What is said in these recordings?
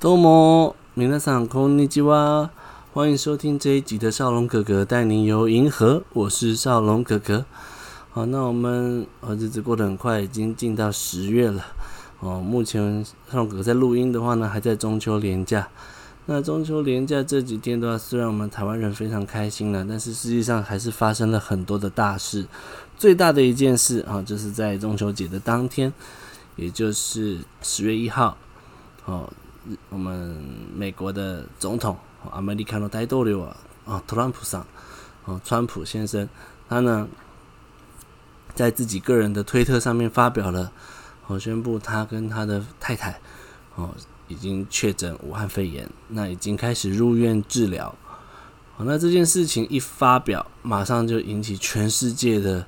どうも皆さんこんにちは，歡迎收聽這一集的少龍葛格帶您遊銀河。我是少龍葛格。好，那我們呃日子過得很快，已經進到十月了。哦，目前少龍葛格在錄音的話呢，還在中秋連假。那中秋連假這幾天的話，雖然我們台灣人非常開心了，但是實際上還是發生了很多的大事。最大的一件事啊，哦，就是在中秋節的當天，也就是十月一號，哦。我們美國的總統，American 大統領特朗普桑哦、啊，川普先生，他呢在自己個人的推特上面發表了，我、啊、宣布他跟他的太太哦、啊、已經確診武漢肺炎，那已經開始入院治療。好、啊，那這件事情一發表，馬上就引起全世界的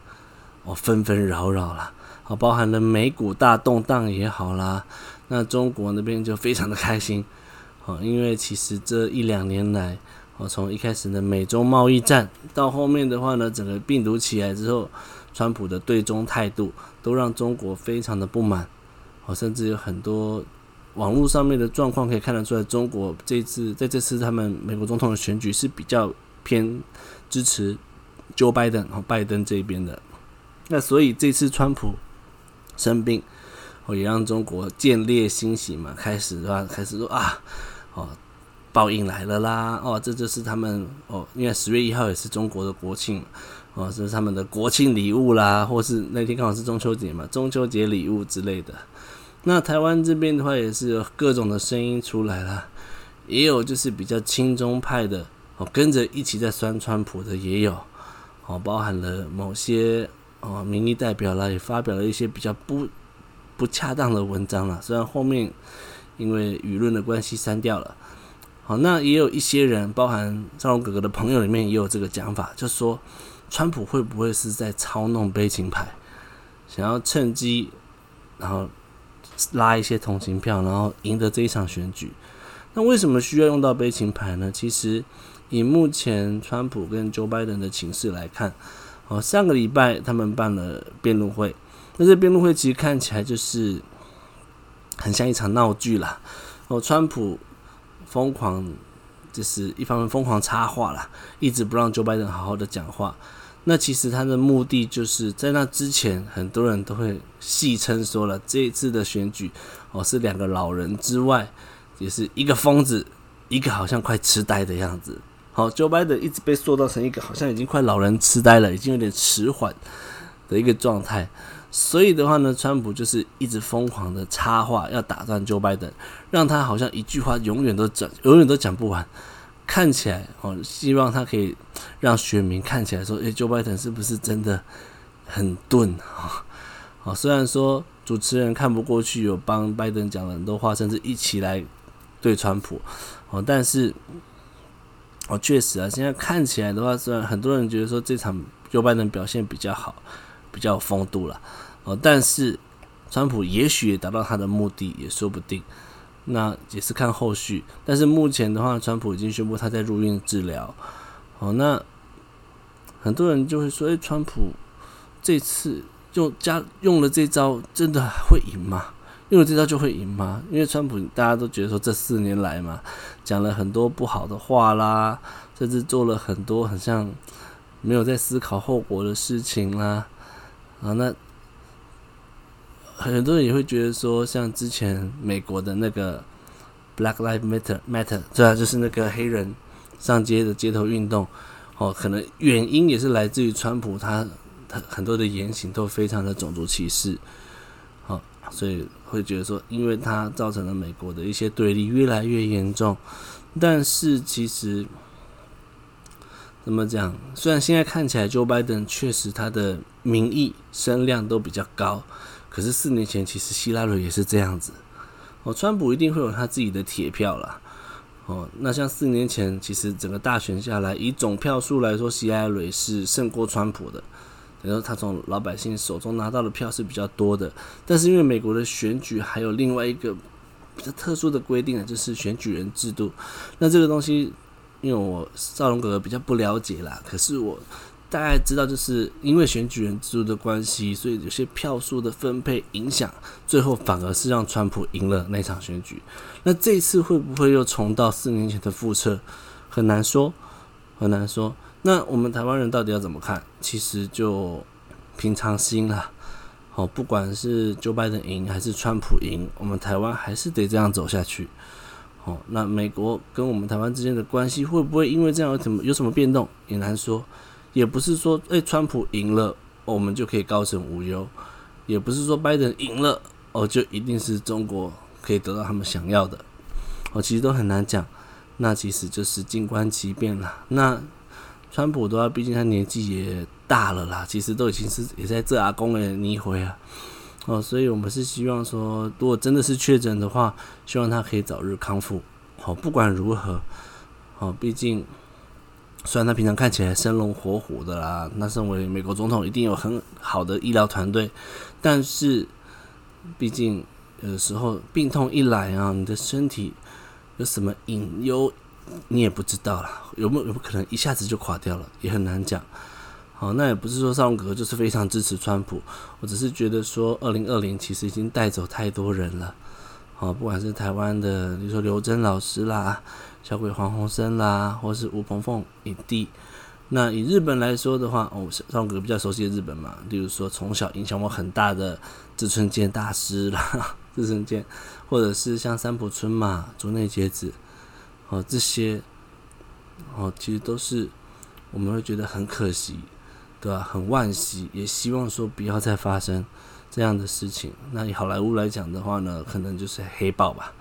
哦、啊、紛紛擾擾了，好、啊，包含了美股大動盪也好啦。那中國那邊就非常的開心，啊，因為其實這一兩年來，我從一開始的美中貿易戰，到後面的話呢，整個病毒起來之後，川普的對中態度都讓中國非常的不滿，哦，甚至有很多網絡上面的狀況可以看得出來，中國這次在這次他們美國總統的選舉是比較偏支持 Joe Biden，和拜登這邊的，那所以這次川普生病。也讓中國見獵心喜嘛，開始的話開始說啊，哦，報應來了啦，哦，這就是他們哦，因為十月一號也是中國的國慶，哦，是，是他們的國慶禮物啦，或是那天剛好是中秋節嘛，中秋節禮物之類的。那台灣這邊的話，也是有各種的聲音出來了，也有就是比較親中派的哦，跟着一起在酸川普的也有哦，包含了某些哦，民意代表啦，也發表了一些比較不。不恰當的文章了，雖然後面因為輿論的關係刪掉了。好，那也有一些人，包含少龍葛格的朋友裡面也有這個講法，就說川普會不會是在操弄悲情牌，想要趁機，然後拉一些同情票，然後贏得這一場選舉。那為什麼需要用到悲情牌呢？其實以目前川普跟 Joe Biden 的情勢來看，好，上個禮拜他們辦了辯論會。那這辯論會其實看起來就是很像一場鬧劇啦。哦，川普瘋狂，就是一方面瘋狂插話啦，一直不讓 Joe Biden 好好的講話。那其實他的目的就是在那之前，很多人都會戲稱說了這一次的選舉哦，是兩個老人之外，也是一個瘋子，一個好像快痴呆的樣子。好、哦、，Joe Biden 一直被塑造成一個好像已經快老人痴呆了，已經有點遲緩的一個狀態。所以的話呢，川普就是一直瘋狂的插話，要打斷 Joe Biden，讓他好像一句話永遠都講永遠都講不完。看起來哦，希望他可以讓選民看起來說，哎，Joe Biden 是不是真的很鈍啊？哦，雖然說主持人看不過去，有幫拜登講了很多話，甚至一起來對川普哦，但是哦，確實啊，現在看起來的話，雖然很多人覺得說這場 Joe Biden 表現比較好。比較有風度了，哦，但是川普也許也達到他的目的，也說不定。那也是看後續。但是目前的話，川普已經宣布他在入院治療。哦，那很多人就會說：“哎、欸，川普這次用加用了這招，真的會贏嗎？用了這招就會贏嗎？因為川普大家都覺得說，這四年來嘛，講了很多不好的話啦，甚至做了很多好像沒有在思考後果的事情啦。”啊，那很多人也會覺得說，像之前美國的那個 Black Lives Matter，對啊，就是那個黑人上街的街頭運動，哦，可能原因也是來自於川普，他他很多的言行都非常的種族歧視，好、哦，所以會覺得說，因為他造成了美國的一些對立越來越嚴重，但是其實。那麼這樣，雖然現在看起來 Joe Biden 確實他的民意聲量都比較高，可是四年前其實希拉里也是這樣子。哦，川普一定會有他自己的鐵票啦。哦，那像四年前，其實整個大選下來，以總票數來說，希拉里是勝過川普的，然後他從老百姓手中拿到的票是比較多的。但是因為美國的選舉還有另外一個比較特殊的規定的就是選舉人制度，那這個東西。因為我少龍哥哥比較不了解啦，可是我大概知道，就是因為選舉人制度的關係，所以有些票數的分配影響，最後反而是讓川普贏了那場選舉。那這一次會不會又重到四年前的複測？很難說，很難說。那我們台灣人到底要怎麼看？其實就平常心啦。好、哦，不管是九百 e 贏還是川普贏，我們台灣還是得這樣走下去。哦，那美國跟我們台灣之間的關係會不會因為這樣有什麼有什麼變動也難說，也不是說誒、欸，川普贏了，哦，我們就可以高枕無憂，也不是說拜登贏了，哦，就一定是中國可以得到他們想要的，哦，其實都很難講，那其實就是靜觀其變啦。那川普的話，畢竟他年紀也大了啦，其實都已經是也在這阿公的泥回啊。哦，所以我們是希望說，如果真的是確診的話，希望他可以早日康復。哦，不管如何，哦，畢竟雖然他平常看起來生龍活虎的啦，那身為美國總統一定有很好的醫療團隊，但是畢竟有的時候病痛一來啊，你的身體有什麼隱憂，你也不知道啦，有沒有，有沒有可能一下子就垮掉了，也很難講。好，那也不是說少龍葛格就是非常支持川普，我只是覺得說，二零二零其實已經帶走太多人了。哦，不管是台灣的，比如說劉真老師啦，小鬼黃鴻升啦，或者是吳鵬鳳影帝。那以日本來說的話，哦，少龍葛格比較熟悉的日本嘛，例如說從小影響我很大的志村健大師啦，志村健，或者是像三浦春馬，竹內結子，哦，這些，哦，其實都是我們會覺得很可惜。對吧、啊？很惋惜，也希望說不要再發生這樣的事情。那以好萊塢來講的話呢，可能就是《黑豹》吧，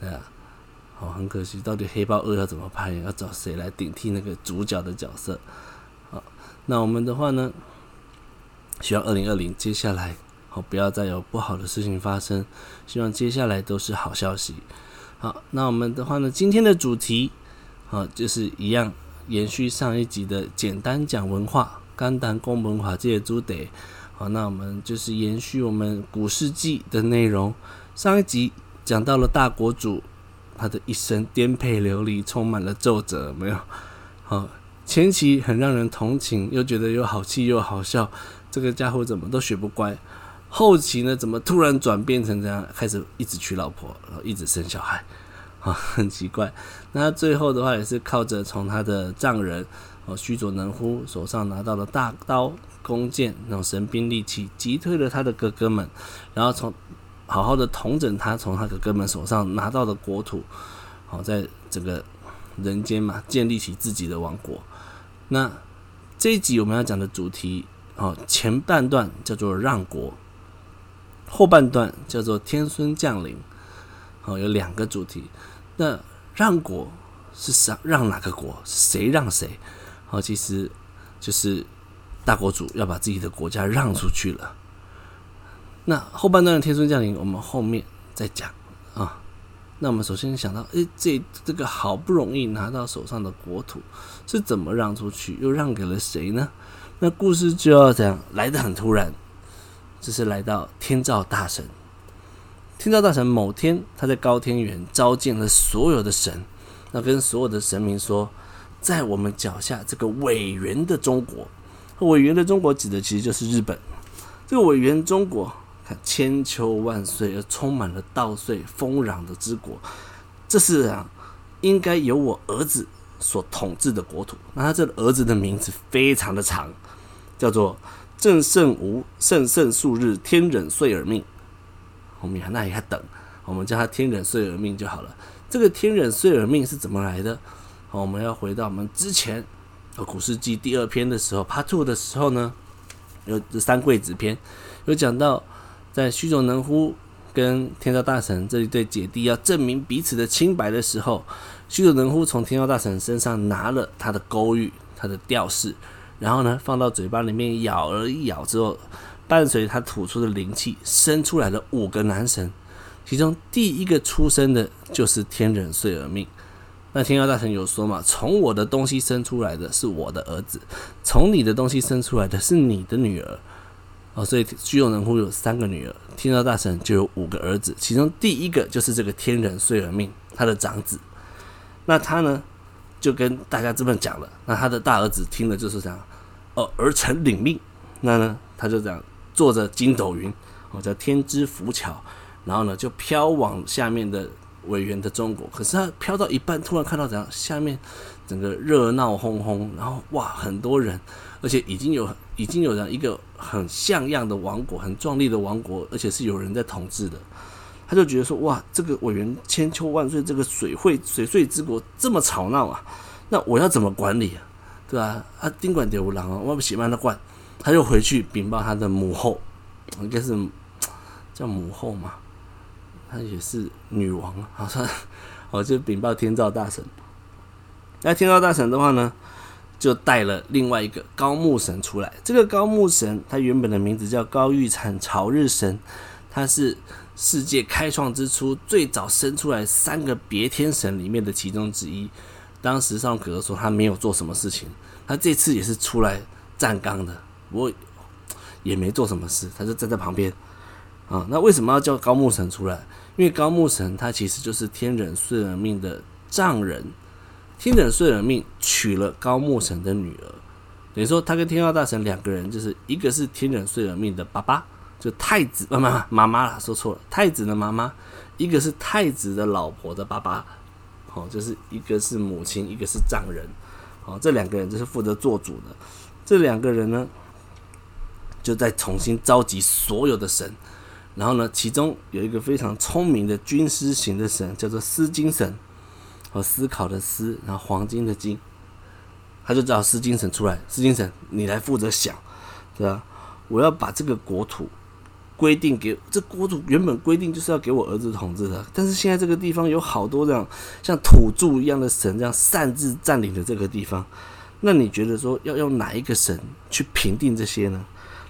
對啊。好、哦，很可惜，到底《黑豹二》要怎麼拍，要找誰來頂替那個主角的角色？好，那我們的話呢，希望二零二零接下來，好、哦、不要再有不好的事情發生，希望接下來都是好消息。好，那我們的話呢，今天的主題，啊、哦，就是一樣延續上一集的簡單講文化。簡單講文化，界些都得好，那我們就是延續我們古事記的內容。上一集講到了大國主，他的一生顛沛流離，充滿了挫折，沒有好前期，很讓人同情，又覺得又好氣又好笑，這個傢伙怎麼都學不乖。後期呢，怎麼突然轉變成這樣，開始一直娶老婆，然後一直生小孩，啊，很奇怪。那最後的話也是靠着從他的丈人。哦，須佐能乎手上拿到了大刀、弓箭那種神兵利器，擊退了他的哥哥們，然後從好好的統整他從他哥哥們手上拿到的國土，好、哦，在這個人間嘛，建立起自己的王國。那這一集我們要講的主題，哦，前半段叫做讓國，後半段叫做天孫降臨，哦，有兩個主題。那讓國是想讓哪個國？是誰讓誰？哦，其實就是大國主要把自己的國家讓出去了。那後半段的天孫降臨，我們後面再講啊。那我們首先想到，哎、欸，這這個好不容易拿到手上的國土是怎麼讓出去，又讓給了誰呢？那故事就要講來的很突然，就是來到天照大神。天照大神某天，他在高天原召見了所有的神，那跟所有的神明說。在我們腳下這個葦原的中國，葦原的中國指的其實就是日本。這個葦原中國，看千秋萬歲而充滿了稻穗豐壤的之國，這是啊應該由我兒子所統治的國土。那他這個兒子的名字非常的長，叫做正勝吾勝勝速日天忍穗耳命。我們看那也還等，我們叫他天忍穗耳命就好了。這個天忍穗耳命是怎麼來的？哦、我們要回到我們之前呃，《古事記》第二篇的時候，Part Two 的時候呢，有《三桂子篇》，有講到在須佐能乎跟天照大神這一對姐弟要證明彼此的清白的時候，須佐能乎從天照大神身上拿了他的勾玉、他的吊飾，然後呢，放到嘴巴裡面咬了一咬之後，伴隨他吐出的靈氣，生出來了五個男神，其中第一個出生的就是天忍穗耳命。那天照大神有說嘛，從我的東西生出來的是我的兒子，從你的東西生出來的是你的女兒。哦，所以須佐能乎有三個女兒，天照大神就有五個兒子，其中第一個就是這個天忍穗耳命，他的長子。那他呢，就跟大家這麼講了，那他的大兒子聽了就是這樣，哦，兒臣領命。那呢，他就這樣坐着筋斗雲，哦，叫天之浮橋，然後呢，就飄往下面的委員的中國，可是他飄到一半，突然看到怎樣？下面整個熱鬧哄哄，然後哇，很多人，而且已經有已經有人一個很像樣的王國，很壯麗的王國，而且是有人在統治的。他就覺得說，哇，這個委員千秋萬歲，這個水會水穗之國這麼吵鬧啊，那我要怎麼管理啊？對吧、啊？他儘管流浪，我不喜歡他管，他就回去禀報他的母後，應該是叫母後嘛。他也是女王，好，好像，我就稟報天照大神。那天照大神的話呢，就帶了另外一個高木神出來。這個高木神，他原本的名字叫高御產巢日神，他是世界開創之初最早生出來三個別天神裡面的其中之一。當時上格說他沒有做什麼事情，他這次也是出來站崗的，我也沒做什麼事，他就站在旁邊啊。那為什麼要叫高木神出來？因為高木神他其實就是天忍穗耳命的丈人，天忍穗耳命娶了高木神的女兒，等於說他跟天照大神兩個人就是一個是天忍穗耳命的爸爸，就太子，啊、媽媽媽媽說錯了，太子的媽媽，一個是太子的老婆的爸爸，哦，就是一個是母親，一個是丈人，哦，這兩個人就是負責做主的，這兩個人呢就在重新召集所有的神。然後呢，其中有一個非常聰明的軍師型的神，叫做思金神，思考的思，然後黃金的金，他就找思金神出來，思金神，你來負責想，是吧？我要把這個國土規定給這國土原本規定就是要給我兒子統治的，但是現在這個地方有好多這樣像土著一樣的神這樣擅自占領的這個地方，那你覺得說要用哪一個神去評定這些呢？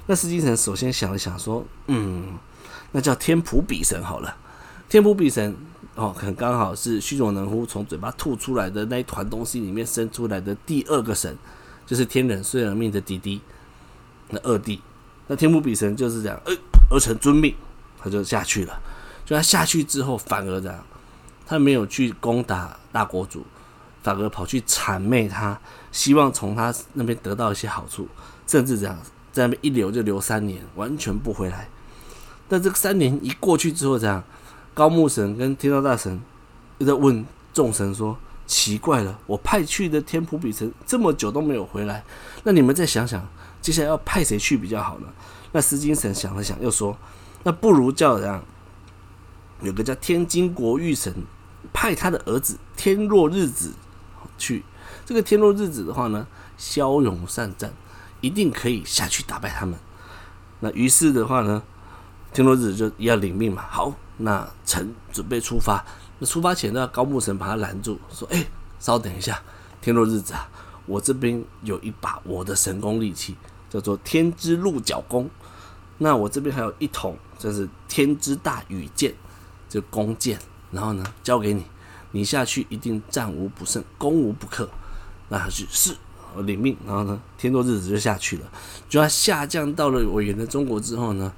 那思金神首先想了想說，嗯。那叫天菩比神好了，天菩比神哦，很剛好是須佐能乎從嘴巴吐出來的那一團東西裡面生出來的第二個神，就是天忍穗耳命的弟弟，那二弟，那天菩比神就是這樣，呃、欸，兒臣遵命，他就下去了。就他下去之後，反而這樣，他沒有去攻打大國主，反而跑去諂媚他，希望從他那邊得到一些好處，甚至這樣在那邊一留就留三年，完全不回來。那這個三年一過去之後，這樣，高木神跟天照大神又在問眾神說：“奇怪了，我派去的天菩比神這麼久都沒有回來，那你們再想想，接下來要派誰去比較好呢？”那思金神想了想，又說：“那不如叫這樣，有個叫天津國玉神，派他的兒子天若日子去。這個天若日子的話呢，驍勇善戰，一定可以下去打敗他們。”那於是的話呢，天落日子就要領命嘛，好，那臣準備出發。那出發前呢，高木神把他攔住，說：“哎、欸，稍等一下，天落日子啊，我這邊有一把我的神功利器，叫做天之鹿角弓。那我這邊還有一桶，就是天之大羽箭，就弓箭。然後呢，交給你，你下去一定戰無不勝，攻無不克。那他去是領命，然後呢，天落日子就下去了。就要下降到了葦原的中國之後呢。”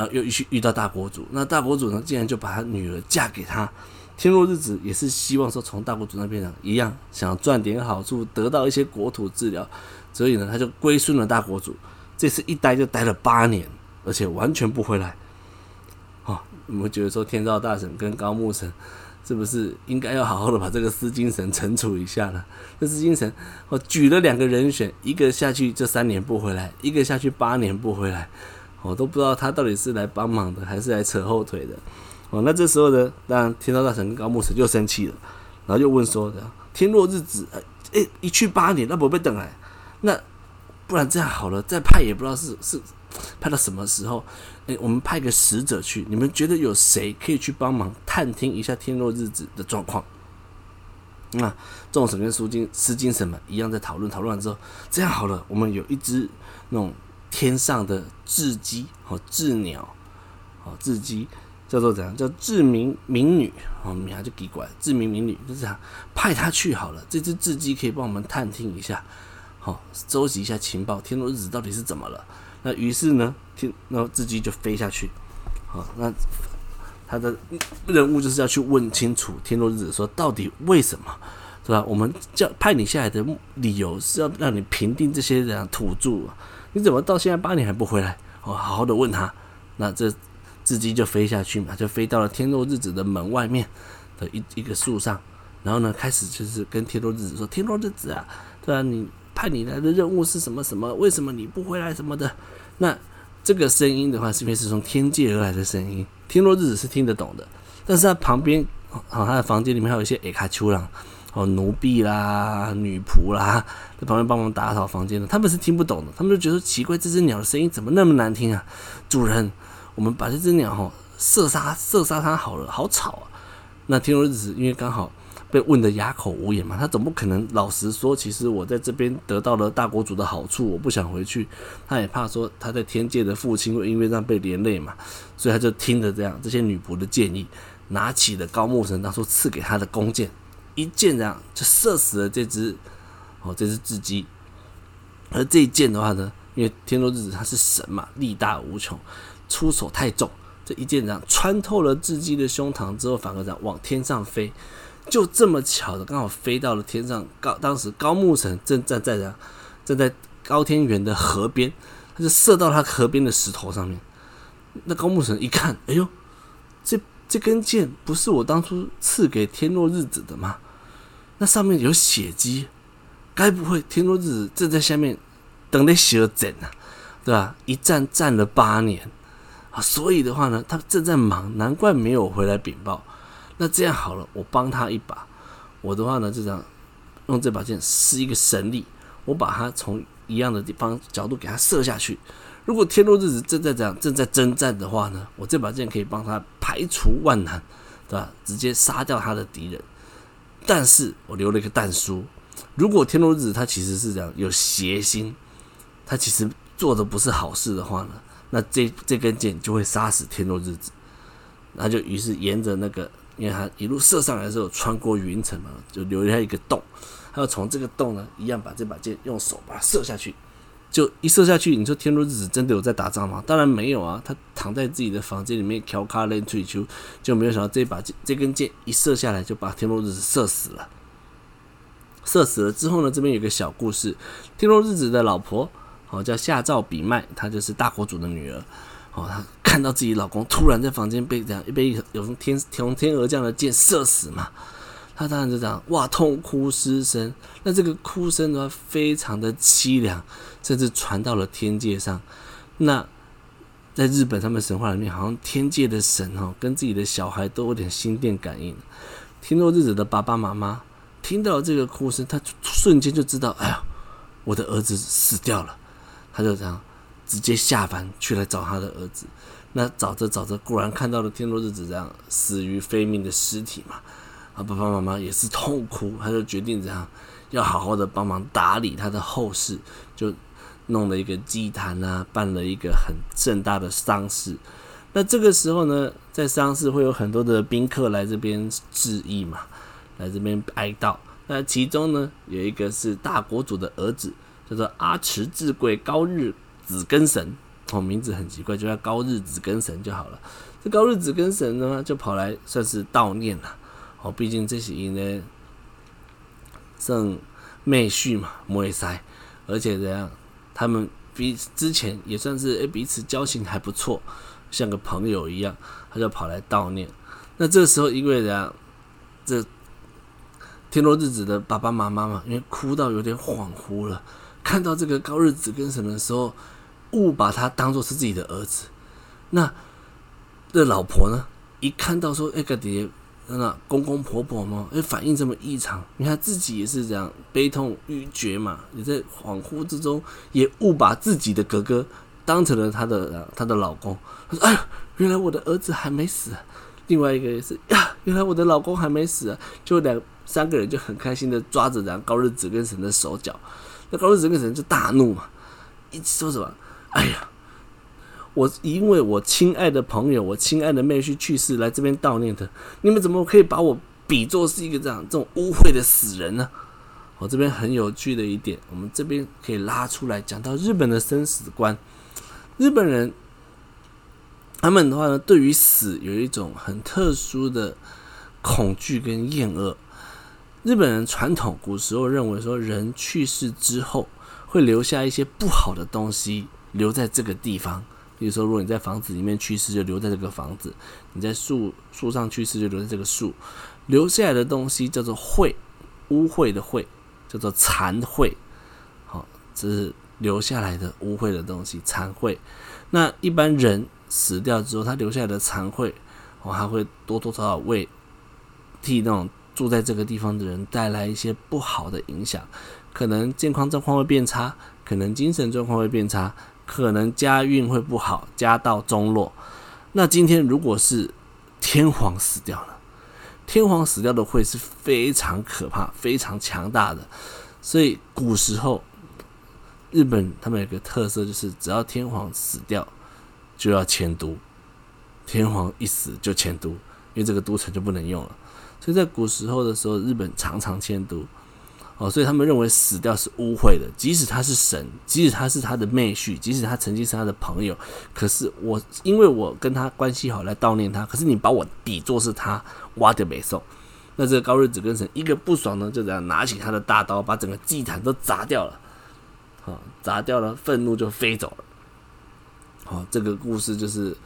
然後又遇遇到大國主，那大國主呢，竟然就把他女兒嫁給他，天落日子也是希望說從大國主那邊呢一樣，想賺點好處，得到一些國土治療，所以呢他就歸順了大國主，這次一待就待了八年，而且完全不回來。哦，我們覺得說天照大神跟高木神是不是應該要好好的把這個思金神懲處一下呢？這思金神我、哦、舉了兩個人選，一個下去這三年不回來，一個下去八年不回來。我、哦、都不知道他到底是來幫忙的，還是來扯後腿的。哦，那這時候呢，當然天照大神跟高木神就生氣了，然後就問說：“天若日子，哎、欸，一去八年，那都沒回來？那不然這樣好了，再派也不知道是是派到什麼時候。哎、欸，我們派個使者去，你們覺得有誰可以去幫忙探聽一下天若日子的狀況？”那眾神跟思金、思金神什麼一樣在討論，討論完之後，這樣好了，我們有一支那種。天上的雉雞哦，雉鳥哦，雉雞叫做怎樣？叫雉鳴鳴女哦，一下就給過來，雉鳴鳴女就是、這樣派他去好了，這只雉雞可以幫我們探聽一下，好收集一下情報。天若日子到底是怎麼了？那於是呢，天那雉雞就飛下去，好，那他的任務就是要去問清楚天若日子說到底為什麼，是吧？我們叫派你下來的理由是要讓你平定這些人土著。你怎麼到現在八年還不回來？哦，好好的問他，那這隻雞就飛下去嘛，就飛到了天落日子的門外面的一一個樹上，然後呢，開始就是跟天落日子說：“天落日子啊，對啊，你派你來的任務是什麼什麼？為什麼你不回來什麼的？”那這個聲音的話，是因為是從天界而來的聲音。天落日子是聽得懂的，但是他旁邊，好、哦，他的房間裡面還有一些誒卡丘郎。哦，奴婢啦，女僕啦，在旁邊幫忙打掃房間的，他們是聽不懂的，他們就覺得奇怪，這只鳥的聲音怎麼那麼難聽啊？主人，我們把這只鳥吼射殺，射殺它好了，好吵啊！那天若日子，因為剛好被問得啞口無言嘛，他總不可能老實說，其實我在這邊得到了大國主的好處，我不想回去。他也怕說他在天界的父親會因為這樣被連累嘛，所以他就聽着這樣這些女僕的建議，拿起了高木神他說賜給他的弓箭。一箭呢，就射死了這只哦，這只雉雞。而這一箭的話呢，因為天若日子他是神嘛，力大無窮，出手太重。這一箭呢，穿透了雉雞的胸膛之後，反過這樣往天上飛，就這麼巧的，剛好飛到了天上高。當時高木神正站在哪？站在高天原的河邊，他就射到他河邊的石頭上面。那高木神一看，哎呦，這這根箭不是我當初賜給天若日子的嗎？那上面有血跡，該不會天若日子正在下面等得血而戰呢？對吧？一戰戰了八年，啊，所以的話呢，他正在忙，難怪沒有回來稟報。那這樣好了，我幫他一把。我的話呢，就這樣用這把劍施一個神力，我把它從一樣的地方角度給他射下去。如果天若日子正在這樣正在征戰的話呢，我這把劍可以幫他排除萬難，對吧？直接殺掉他的敵人。但是我留了一個但書，如果天若日子他其實是這樣有邪心，他其實做的不是好事的話呢，那這這根箭就會殺死天若日子，那就於是沿着那個，因為他一路射上來的時候穿過雲層嘛，就留下一個洞，它要從這個洞呢一樣把這把箭用手把它射下去。就一射下去，你說天若日子真的有在打仗嗎？當然沒有啊，他躺在自己的房間裡面調卡累退球，就沒有想到這把這根箭一射下來，就把天若日子射死了。射死了之後呢，這邊有一個小故事，天若日子的老婆哦叫下照比賣，她就是大國主的女兒哦，她看到自己老公突然在房間被這樣被一被用天從天而降的箭射死嘛。他當然就這樣，哇，痛哭失聲。那這個哭聲的話，非常的淒涼，甚至傳到了天界上。那在日本他們神話裡面，好像天界的神哦，跟自己的小孩都有點心電感應。天落日子的爸爸媽媽聽到了這個哭聲，他瞬間就知道，哎呀，我的兒子死掉了。他就這樣直接下凡去來找他的兒子。那找着找着，果然看到了天落日子這樣死於非命的屍體嘛。啊，阿爸爸媽媽也是痛哭，他就決定這樣，要好好的幫忙打理他的後事，就弄了一個祭壇啊，辦了一個很盛大的喪事。那這個時候呢，在喪事會有很多的賓客來這邊致意嘛，來這邊哀悼。那其中呢，有一個是大國主的兒子，叫做阿遲智貴高日子根神，哦，名字很奇怪，就叫高日子根神就好了。這高日子根神呢，就跑來算是悼念了。哦，畢竟這是因為正妹婿嘛，妹塞而且這樣，他們彼之前也算是誒、欸、彼此交情還不錯，像個朋友一樣，他就跑來悼念。那這時候因為這樣，這天落日子的爸爸媽媽嘛，因為哭到有點恍惚了，看到這個高日子跟什麼的時候，誤把他當做是自己的兒子。那這個、老婆呢，一看到說誒個爹。欸真的公公婆婆嘛，會、欸、反應這麼異常？你看自己也是這樣悲痛欲絕嘛，也在恍惚之中也誤把自己的哥哥當成了他的他的老公。他說：“哎呦，原來我的兒子還沒死、啊。”另外一個也是呀、啊，原來我的老公還沒死、啊。就兩三個人就很開心的抓着然後高日子根神的手腳，那高日子根神就大怒嘛，一直說什麼：“哎呀！”我因為我親愛的朋友，我親愛的妹婿去世來這邊悼念的，你們怎麼可以把我比作是一個這樣這種污穢的死人呢？我、哦、這邊很有趣的一點，我們這邊可以拉出來講到日本的生死觀。日本人他們的話呢，對於死有一種很特殊的恐懼跟厭惡。日本人傳統古時候認為說，人去世之後會留下一些不好的東西留在這個地方。比如說，如果你在房子裡面去世，就留在這個房子；你在樹樹上去世，就留在這個樹。留下來的東西叫做穢，污穢的穢，叫做殘穢。好、哦，這是留下來的污穢的東西，殘穢。那一般人死掉之後，他留下來的殘穢，我、哦、還會多多少少為替那種住在這個地方的人帶來一些不好的影響，可能健康狀況會變差，可能精神狀況會變差。可能家運會不好，家道中落。那今天如果是天皇死掉了，天皇死掉的會是非常可怕、非常強大的。所以古時候日本他們有個特色，就是只要天皇死掉，就要遷都。天皇一死就遷都，因為這個都城就不能用了。所以在古時候的時候，日本常常遷都。哦，所以他們認為死掉是污穢的，即使他是神，即使他是他的妹婿，即使他曾經是他的朋友，可是我，因為我跟他關係好，來悼念他，可是你把我比作是他挖的美獸，那這個高日子跟神一個不爽呢，就這樣拿起他的大刀，把整個祭壇都砸掉了，好、哦、砸掉了，憤怒就飛走了，好、哦、這個故事就是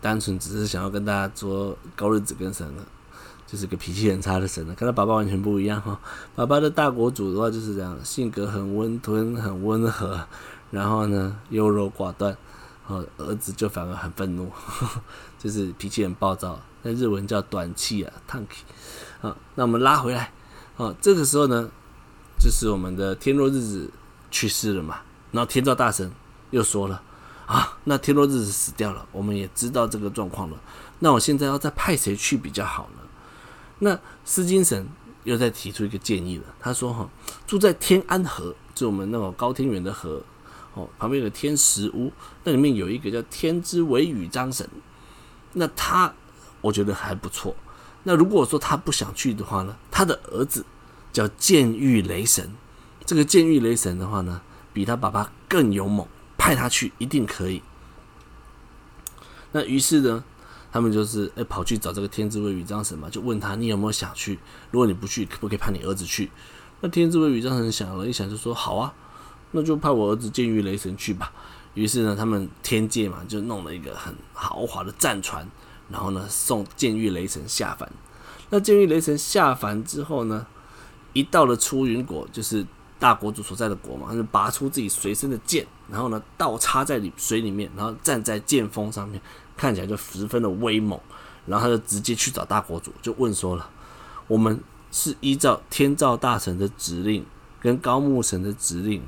單純只是想要跟大家說高日子跟神了。就是個脾氣很差的神了，跟他爸爸完全不一樣哈、哦。爸爸的大國主的話就是這樣，性格很溫吞、很溫和，然後呢優柔寡斷。哦，兒子就反而很憤怒，呵呵就是脾氣很暴躁。那日文叫短氣啊 tanki 啊，那我們拉回來，啊、哦，這個時候呢，就是我們的天若日子去世了嘛。然後天照大神又說了啊，那天若日子死掉了，我們也知道這個狀況了。那我現在要再派誰去比較好呢？那思金神又再提出一個建議了，他說：“哈，住在天安河，就我們那個高天原的河，哦，旁邊有個天石屋，那裡面有一個叫天之尾羽張神，那他我覺得還不錯。那如果說他不想去的話呢，他的兒子叫建御雷神，這個建御雷神的話呢，比他爸爸更勇猛，派他去一定可以。那於是呢？”他們就是哎、欸、跑去找這個天之尾羽張神嘛，就問他你有沒有想去？如果你不去，可不可以派你兒子去？那天之尾羽張神想了一想，就說好啊，那就派我兒子建御雷神去吧。於是呢，他們天界嘛就弄了一個很豪華的戰船，然後呢送建御雷神下凡。那建御雷神下凡之後呢，一到了出雲國，就是大國主所在的國嘛，他就拔出自己隨身的劍，然後呢倒插在裡水裡面，然後站在劍鋒上面。看起來就十分的威猛，然後他就直接去找大國主，就問說了：“我們是依照天照大神的指令，跟高木神的指令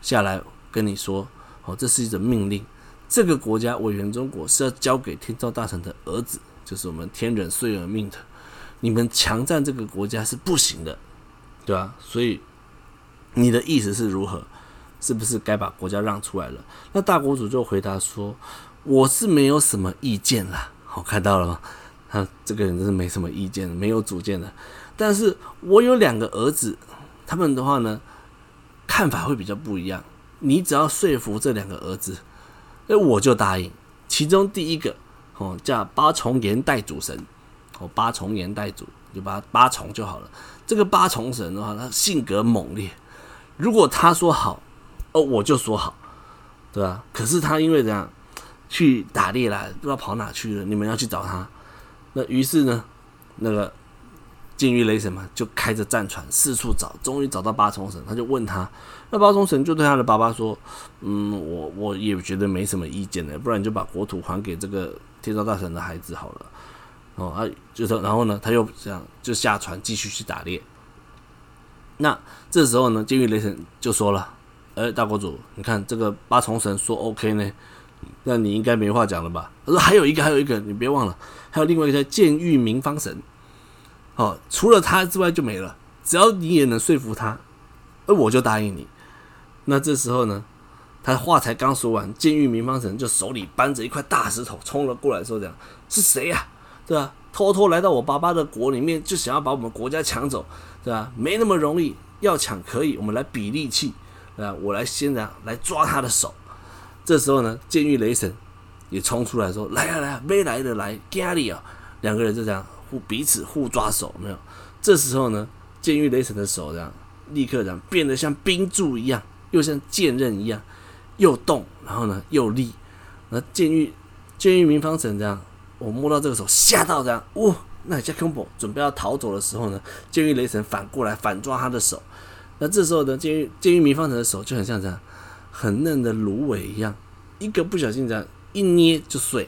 下來跟你說，哦，這是一種命令。這個國家葦原中國是要交給天照大神的兒子，就是我們天忍穗耳命的，你們強占這個國家是不行的，對吧？所以你的意思是如何？是不是該把國家讓出來了？”那大國主就回答說。我是沒有什麼意見啦，我、哦、看到了嗎？他、啊、這個人真是沒什麼意見，沒有主見的。但是我有兩個兒子，他們的話呢，看法會比較不一樣。你只要說服這兩個兒子，哎、欸，我就答應。其中第一個哦，叫八重言代主神，哦，八重言代主就把八,八重就好了。這個八重神的話，他性格猛烈，如果他說好，哦，我就說好，對啊，可是他因為怎樣？去打獵啦，不知道跑哪去了。你們要去找他，那於是呢，那個建御雷神嘛，就開着戰船四處找，終於找到八重神，他就問他，那八重神就對他的爸爸說：“嗯，我我也覺得沒什麼意見呢、欸，不然就把國土還給這個天照大神的孩子好了。”哦，啊，就說然後呢，他又這樣就下船繼續去打獵。那這時候呢，建御雷神就說了：“哎、欸，大國主，你看這個八重神說 OK 呢。”那你應該沒話講了吧？他說還有一個，還有一個，你別忘了，還有另外一個叫建御名方神，哦，除了他之外就沒了。只要你也能說服他，那我就答應你。那這時候呢，他話才剛說完，建御名方神就手裡搬着一塊大石頭衝了過來，說：“這樣，是誰呀、啊？對吧、啊？偷偷來到我爸爸的國裡面，就想要把我們國家搶走，對吧、啊？沒那麼容易，要搶可以，我們來比力氣。啊，我來先來來抓他的手。”這時候呢，建御雷神也衝出來說：“來呀、啊、來呀、啊，沒來的來，家裡啊！”兩個人就這樣互彼此互抓手，沒有。這時候呢，建御雷神的手這樣立刻這樣變得像冰柱一樣，又像劍刃一樣，又動，然後呢又立。那建御建御名方神這樣，我摸到這個手嚇到這樣，哦，那一下 combo 準備要逃走的時候呢，建御雷神反過來反抓他的手。那這時候呢，建御建御名方神的手就很像這樣。很嫩的蘆葦一樣，一個不小心這樣一捏就碎。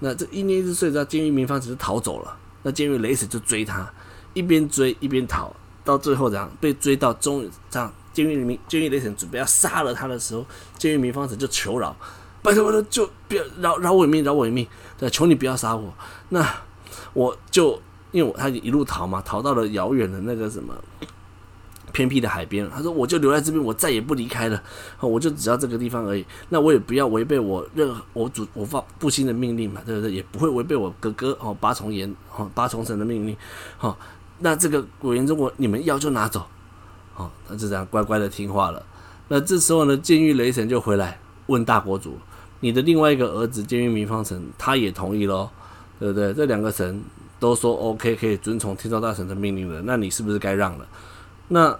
那這一捏就碎，那建御名方神就逃走了。那建御雷神就追他，一邊追一邊逃，到最後這樣被追到，終於這樣建御雷，建御雷神準備要殺了他的時候，建御名方神就求饒，拜託拜託，就不要饒饒我一命，饒我一命。對，求你不要殺我。那我就因為我他一路逃嘛，逃到了遙遠的那個什麼。偏僻的海邊，他說：“我就留在這邊，我再也不離開了。我就只要這個地方而已。那我也不要違背我任何我主我發父親的命令嘛，對不對？也不會違背我哥哥哦八重炎、哦、八重神的命令。好、哦，那這個葦原中國你們要就拿走。好、哦，他就這樣乖乖的聽話了。那這時候呢，建御雷神就回來問大國主：你的另外一個兒子建御名方神，他也同意咯，對不對？這兩個神都說 OK，可以遵從天照大神的命令了。那你是不是該讓了？”那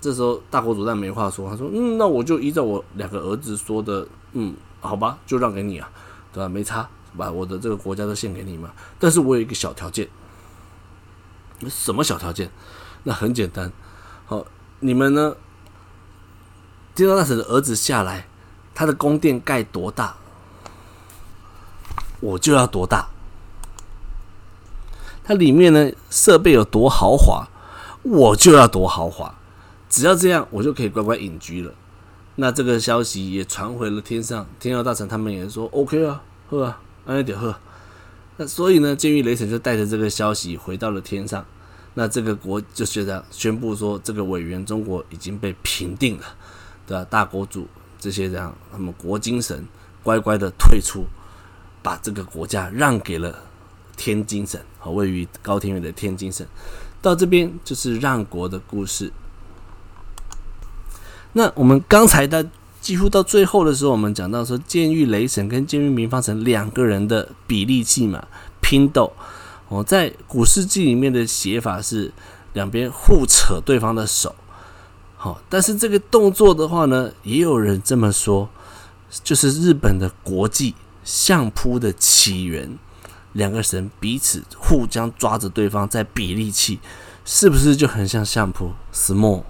這時候，大國主旦沒話說，他說：“嗯，那我就依照我兩個兒子說的，嗯，好吧，就讓給你啊，對吧？沒差，把我的這個國家都獻給你嘛。但是我有一個小條件，什麼小條件？那很簡單，好，你們呢，金剛大神的兒子下來，他的宮殿蓋多大，我就要多大。他裡面呢，設備有多豪華。”我就要多豪華，只要這樣，我就可以乖乖隱居了。那這個消息也傳回了天上，天照大神他們也說 OK 啊，喝啊，一點喝。那所以呢，建御雷神就帶着這個消息回到了天上。那這個國就是這樣宣布說，這個葦原中國已經被平定了，對吧，啊？大國主這些這樣，他們國津神乖乖的退出，把這個國家讓給了天津神，和位於高天原的天津神。到這邊就是讓國的故事。那我們剛才的幾乎到最後的時候，我們講到說，建御雷神跟建御名方神兩個人的比例計嘛，拼鬥。哦，在古事記裡面的寫法是兩邊互扯對方的手。好、哦，但是這個動作的話呢，也有人這麼說，就是日本的國際相撲的起源。兩個神彼此互相抓着對方，在比力氣，是不是就很像相撲？small。SM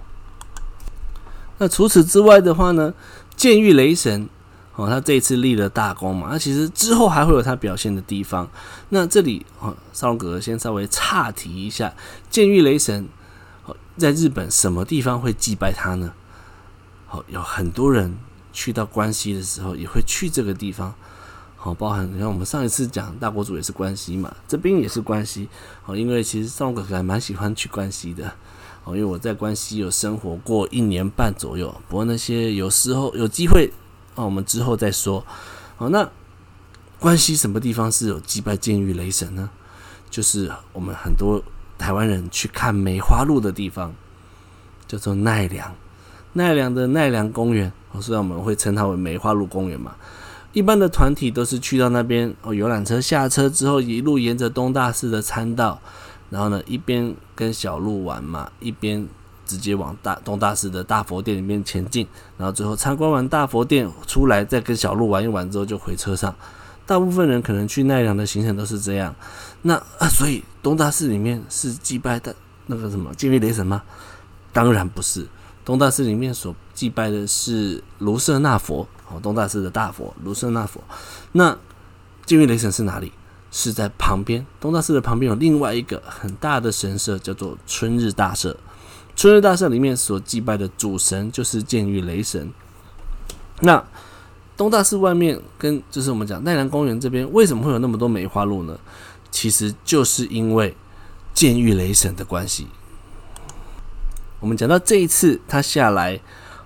那除此之外的話呢？建御雷神哦，他這次立了大功嘛，那、啊、其實之後還會有他表現的地方。那這裡哦，少龍葛格先稍微岔題一下，建御雷神哦，在日本什麼地方會祭拜他呢？哦，有很多人去到關西的時候，也會去這個地方。好，包含你看，我們上一次講大國主也是關西嘛，這邊也是關西。好，因為其實少龍葛格還蠻喜歡去關西的。好，因為我在關西有生活過一年半左右。不過那些有時候有機會，那我們之後再說。好，那關西什麼地方是有祭拜建御雷神呢？就是我們很多台灣人去看梅花鹿的地方，叫做奈良。奈良的奈良公園，所以我們會稱它為梅花鹿公園嘛。一般的團體都是去到那邊哦，遊覽車下車之後，一路沿着東大寺的參道，然後呢，一邊跟小鹿玩嘛，一邊直接往大東大寺的大佛殿裡面前進，然後最後參觀完大佛殿出來，再跟小鹿玩一玩之後就回車上。大部分人可能去奈良的行程都是這樣。那、啊、所以東大寺裡面是祭拜的那個什麼建御雷神嗎？當然不是，東大寺裡面所祭拜的是盧舍那佛。東大寺的大佛盧舍那佛，那建御雷神是哪裡？是在旁邊，東大寺的旁邊有另外一個很大的神社，叫做春日大社。春日大社裡面所祭拜的主神就是建御雷神。那東大寺外面跟，就是我們講奈良公園這邊，為什麼會有那麼多梅花鹿呢？其實就是因為建御雷神的關係。我們講到這一次他下來，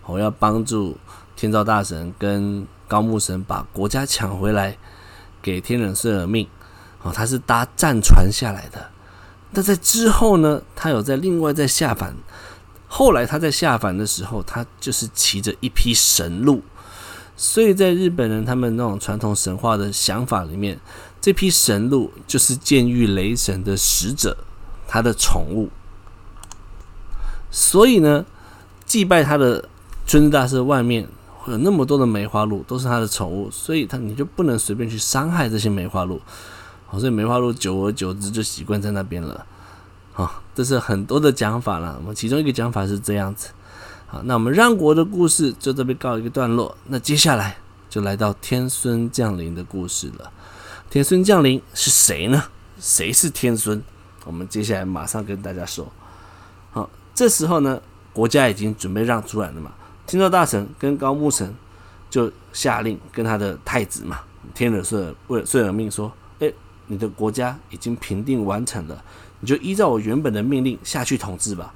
我要幫助。天照大神跟高木神把國家搶回來，給天忍穗耳命。哦，他是搭戰船下來的。那在之後呢？他有在另外在下凡。後來他在下凡的時候，他就是騎着一匹神鹿。所以在日本人他們那種傳統神話的想法裡面，這批神鹿就是建御雷神的使者，他的寵物。所以呢，祭拜他的尊師大社外面，有那麼多的梅花鹿都是他的寵物，所以他你就不能隨便去傷害這些梅花鹿，好，所以梅花鹿久而久之就習慣在那邊了，好，這是很多的講法了。我們其中一個講法是這樣子，好，那我們讓國的故事就這邊告一個段落。那接下來就來到天孫降臨的故事了。天孫降臨是誰呢？誰是天孫？我們接下來馬上跟大家說。好，這時候呢，國家已經準備讓出來了嘛。天照大神跟高木神就下令跟他的太子嘛，天忍穗耳命說：“誒，你的國家已經平定完成了，你就依照我原本的命令下去統治吧。”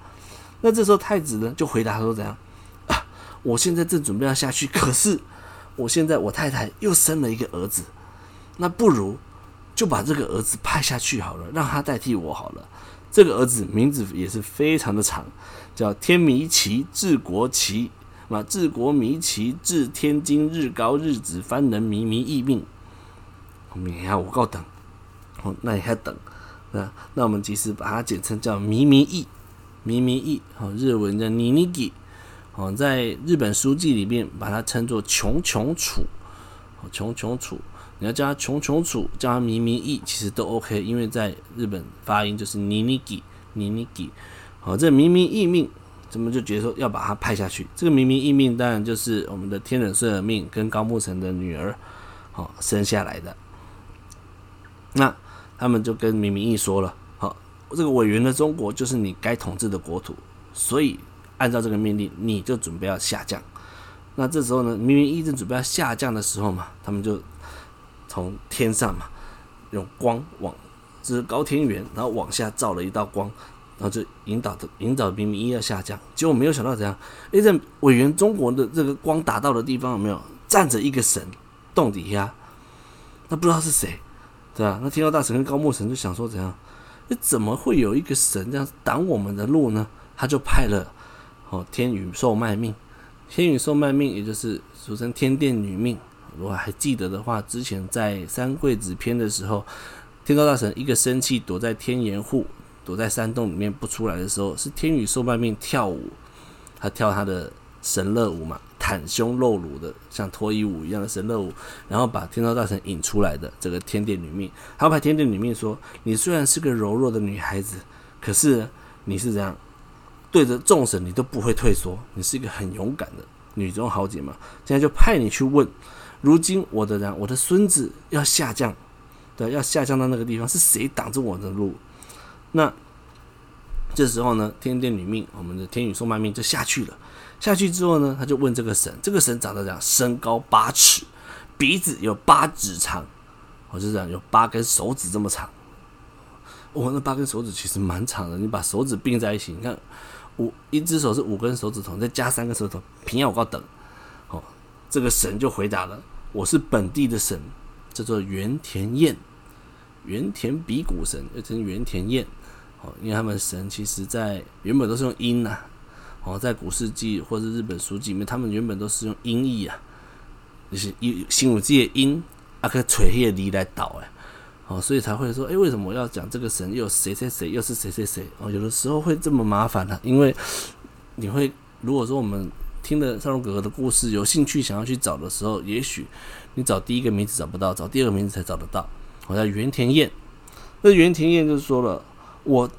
那這時候太子呢就回答說：“怎樣、啊？我現在正準備要下去，可是我現在我太太又生了一個兒子，那不如就把這個兒子派下去好了，讓他代替我好了。這個兒子名字也是非常的長，叫天迷奇治國奇。”那治國迷棋，治天津日高日子，方能彌彌藝命。你要我夠等？哦，那你還等？那那我們其實把它簡稱叫彌彌藝，彌彌藝。哦，日文叫尼尼吉。哦，在日本書紀裡面把它稱作瓊瓊杵。哦，瓊瓊杵，你要叫它瓊瓊杵，叫它彌彌藝，其實都 OK，因為在日本發音就是尼尼吉，尼尼吉。哦，這彌彌藝命。怎麼就覺得說要把他派下去？這個彌彌藝命當然就是我們的天忍穗耳命，跟高木神的女兒，好、哦、生下來的。那他們就跟彌彌藝說了，好、哦，這個葦原中國就是你該統治的國土，所以按照這個命令，你就準備要下降。那這時候呢，彌彌藝正準備要下降的時候嘛，他們就從天上嘛，用光往這、就是高天原，然後往下照了一道光。然後、啊、就彌彌藝的彌彌藝命要下降，結果沒有想到怎樣？誒、欸、這葦原中國的這個光打到的地方有沒有站着一個神，洞底下，那不知道是誰，對吧、啊？那天照大神跟高木神就想說怎樣？哎、欸、怎麼會有一個神這樣擋我們的路呢？他就派了哦天宇受賣命，天宇受賣命也就是俗稱天鈿女命，如果還記得的話，之前在三貴子篇的時候，天照大神一個生氣躲在天岩戶，躲在山洞裡面不出來的時候，是天女受半命跳舞，她跳她的神樂舞嘛，袒胸露乳的，像脫衣舞一樣的神樂舞，然後把天照大神引出來的。這個天鈿女命，他要派天鈿女命說：“你雖然是個柔弱的女孩子，可是你是這樣對着眾神，你都不會退縮，你是一個很勇敢的女中豪傑嘛。現在就派你去問，如今我的人，我的孫子要下降，對，要下降到那個地方，是誰擋着我的路？”那這時候呢，天鈿女命，我們的天宇受賣命就下去了。下去之後呢，他就問這個神，這個神長得這樣，身高八尺，鼻子有八指長，我就這樣，有八根手指這麼長。我、哦、那八根手指其實蠻長的，你把手指併在一起，你看我一隻手是五根手指頭，再加三根手指頭，平要我高等、哦。這個神就回答了，我是本地的神，叫做猿田彥。猿田比古神又稱猿田彥，哦，因為他們神其實在原本都是用音吶、啊，哦，在古事記或者日本書紀裡面，他們原本都是用音譯啊，就是心新五界音啊，跟垂葉梨來倒哎，哦，所以才會說，哎、欸，為什麼我要講這個神？又誰誰誰，又是誰誰誰？哦，有的時候會這麼麻煩呢、啊，因為你會如果說我們聽了少龍葛格的故事，有興趣想要去找的時候，也許你找第一個名字找不到，找第二個名字才找得到。我叫猿田彥，那猿田彥就說了：“我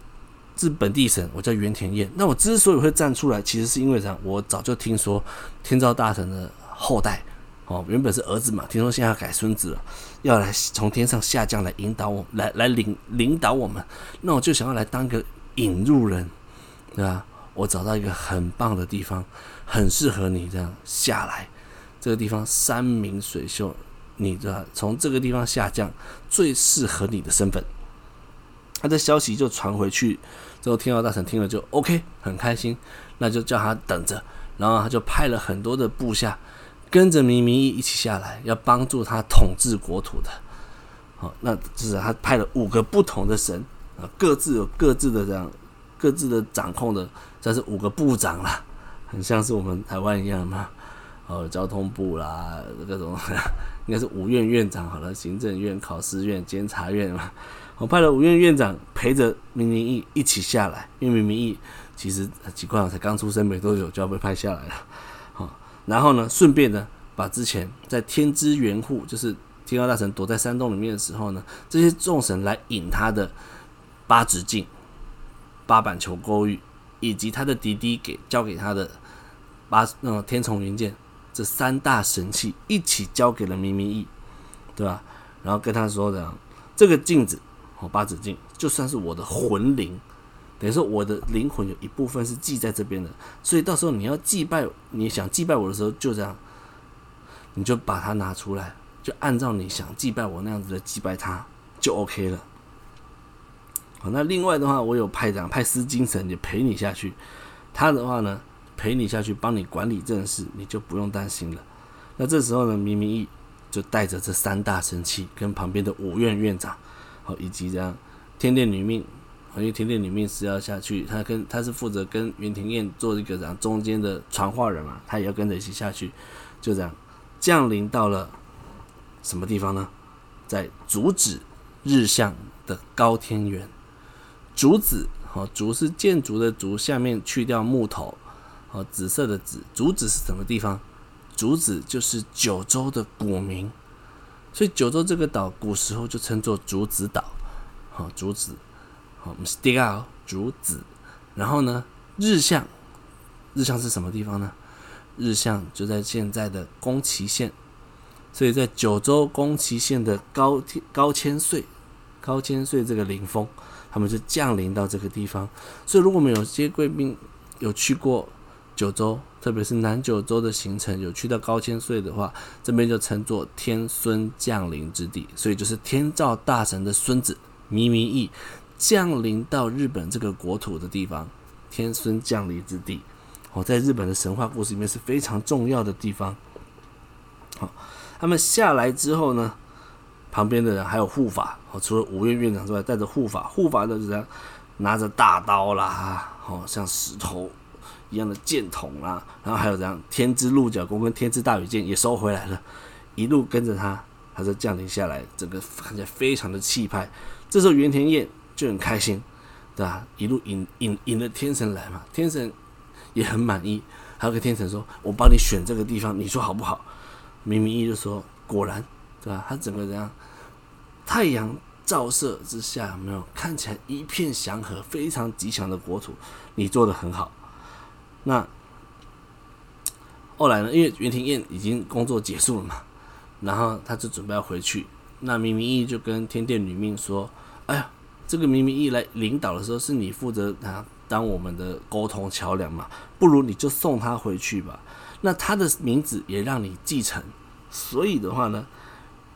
是本地神，我叫猿田彥，那我之所以會站出來，其實是因為這樣，我早就聽說天照大神的後代，哦，原本是兒子嘛，聽說現在要改孫子了，要來從天上下降來引導我，來來領領導我們。那我就想要來當個引路人，對吧？我找到一個很棒的地方，很適合你這樣下來。這個地方山明水秀。”你的從這個地方下降最適合你的身份，他的消息就傳回去，之後天照大神聽了就 OK 很開心，那就叫他等着，然後他就派了很多的部下跟着彌彌藝一起下來，要幫助他統治國土的。好、哦，那就是他派了五個不同的神啊，各自有各自的這樣各自的掌控的，但是五個部長了，很像是我們台灣一樣嘛，哦，交通部啦各種。呵呵應該是五院院長好了，行政院、考試院、監察院嘛。我派了五院院長陪着彌彌藝一起下來，因為彌彌藝其實情況才剛出生沒多久，就要被派下來了。好、哦，然後呢，順便呢，把之前在天之源戶，就是天照大神躲在山洞裡面的時候呢，這些眾神來引他的八咫鏡，八板球勾玉，以及他的弟弟給交給他的八嗯天叢雲劍。這三大神器一起交給了彌彌藝，對吧？然後跟他說這樣，這個鏡子，喔，八咫鏡，就算是我的魂靈，等於說我的靈魂有一部分是寄在這邊的，所以到時候你要祭拜，你想祭拜我的時候，就這樣，你就把它拿出來，就按照你想祭拜我那樣子的祭拜它，就 OK 了。好，那另外的話，我有派長派思金神也陪你下去，他的話呢？陪你下去，幫你管理這件事，你就不用擔心了。那這時候呢，彌彌藝就帶着這三大神器，跟旁邊的五院院長，好、哦、以及這樣天殿女命、哦，因為天殿女命是要下去，他跟他是負責跟猿田彥做一個然後中間的傳話人嘛，他也要跟着一起下去。就這樣降臨到了什麼地方呢？在筑紫日向的高天原，筑紫好築是建築的築，下面去掉木頭。紫色的紫，筑紫是什麼地方？筑紫就是九州的古名，所以九州這個島古時候就稱作筑紫島。好，筑紫，好，我們第二個筑紫。然後呢，日向，日向是什麼地方呢？日向就在現在的宮崎縣，所以在九州宮崎縣的高高千穗，高千穗這個靈峰，他們就降臨到這個地方。所以，如果我們有些貴賓有去過。九州，特別是南九州的行程，有去到高千穗的話，這邊就稱作天孫降臨之地，所以就是天照大神的孫子彌彌藝降臨到日本這個國土的地方，天孫降臨之地。哦，在日本的神話故事裡面是非常重要的地方。好，他們下來之後呢，旁邊的人還有護法，哦，除了五岳院長之外，帶着護法，護法的人拿着大刀啦，哦，像石頭。一樣的箭筒啦、啊，然後還有這樣天之鹿角弓跟天之大羽箭也收回來了，一路跟着他，他就降臨下來，整個看起來非常的氣派。這時候猿田彥就很開心，對吧？一路引引引了天神來嘛，天神也很滿意。還有個天神說：“我幫你選這個地方，你說好不好？”彌彌藝就說：“果然，對吧？”他整個人太陽照射之下，有沒有看起來一片祥和，非常吉祥的國土？你做得很好。那後來呢？因為猿田彥已經工作結束了嘛，然後他就準備要回去。那彌彌藝就跟天鈿女命說：“哎呀，這個彌彌藝來領導的時候，是你負責他當我們的溝通橋樑嘛，不如你就送他回去吧。那他的名字也讓你繼承。所以的話呢，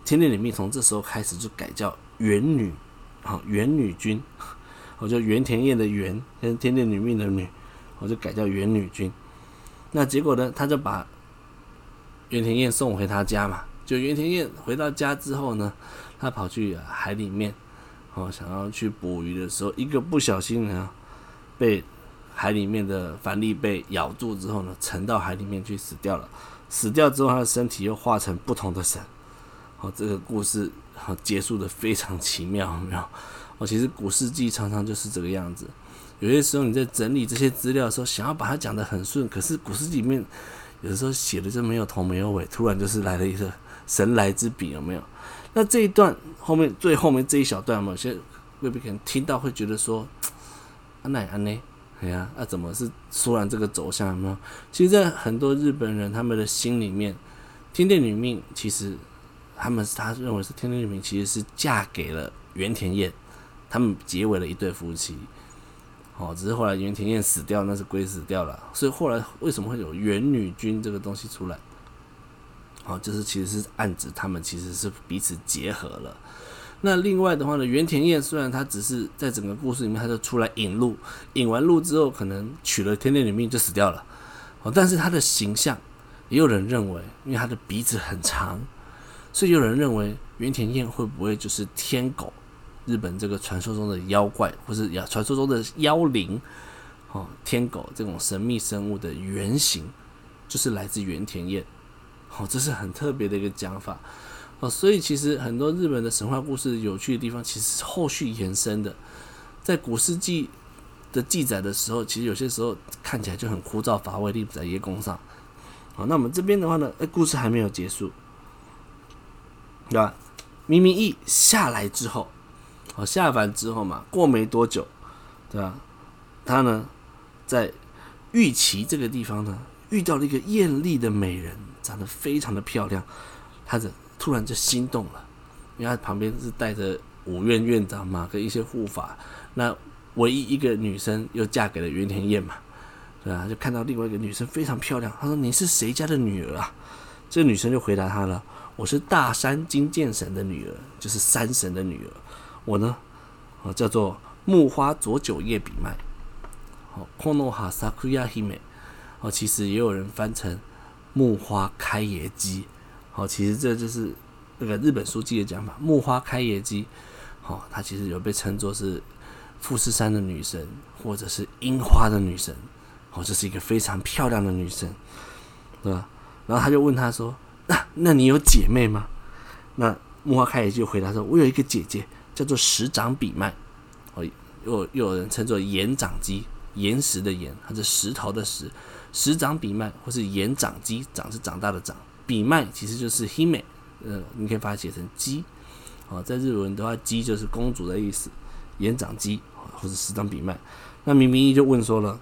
天鈿女命從這時候開始就改叫猿女，啊，猿女君，我叫猿田彥的猿跟天鈿女命的女。”我就改叫猿女君，那結果呢？他就把猿田彥送回他家嘛。就猿田彥回到家之後呢，他跑去，啊、海裡面，哦，想要去捕魚的時候，一個不小心呢，被海裡面的帆立貝咬住之後呢，沉到海裡面去死掉了。死掉之後，他的身體又化成不同的神。哦，這個故事，哦、結束的非常奇妙，哦，其實古事記常常就是這個樣子。有些時候你在整理這些資料的時候，想要把它講得很順，可是古詩裡面有的時候寫的就沒有頭沒有尾，突然就是來了一個神來之筆，有沒有？那這一段後面最後面這一小段有有，有些未必可能聽到會覺得說，安奈安奈，哎、啊、呀，那怎麼是說然這個走向？沒有？其實，在很多日本人他們的心裡面，天電女命其實他們他認為是天電女命，其實是嫁給了袁田業，他們結為了一對夫妻。哦，只是後來猿田彥死掉，那是龜死掉了，所以後來為什麼會有猿女君這個東西出來？好，就是其實是暗指，他們其實是彼此結合了。那另外的話呢，猿田彥雖然他只是在整個故事裡面，他就出來引路，引完路之後可能娶了天鈿女命就死掉了。哦，但是他的形象，也有人認為，因為他的鼻子很長，所以有人認為猿田彥會不會就是天狗？日本這個傳說中的妖怪，或是呀傳說中的妖靈，哦，天狗這種神秘生物的原型，就是來自猿田彥，哦，這是很特別的一個講法，哦，所以其實很多日本的神話故事有趣的地方，其實是後續延伸的。在古事記的記載的時候，其實有些時候看起來就很枯燥乏味，立不在葉公上，好，那我們這邊的話呢，故事還沒有結束，對吧？彌彌藝下來之後。哦，下凡之後嘛，過沒多久，對吧？他呢，在玉祁這個地方呢，遇到了一個豔麗的美人，長得非常的漂亮。他的突然就心動了，因為他旁邊是帶着五院院長嘛，跟一些護法。那唯一一個女生又嫁給了袁天燕嘛，對啊，就看到另外一個女生非常漂亮。他說：“你是誰家的女兒啊？”這個女生就回答他了：“我是大山金劍神的女兒，就是山神的女兒。”我呢，哦，叫做木花佐久夜比麥，哦 Konoha Sakuya Hime 哦，其實也有人翻成木花開野姬，哦，其實這就是那個日本書記的講法，木花開野姬，哦，她其實有被稱作是富士山的女神，或者是櫻花的女神，哦，這是一個非常漂亮的女神，對吧？然後他就問她說，啊：“那你有姐妹嗎？”那木花開野就回答說：“我有一個姐姐。”叫做石長比麥，哦，又又有人稱作岩長姬，岩石的岩，還是石頭的石，石長比麥，或是岩長姬，長是長大的長，比麥其實就是 hime，呃，你可以把它寫成姬。哦，在日文的話，姬就是公主的意思，岩長姬，或者石長比麥，那彌彌藝就問說了，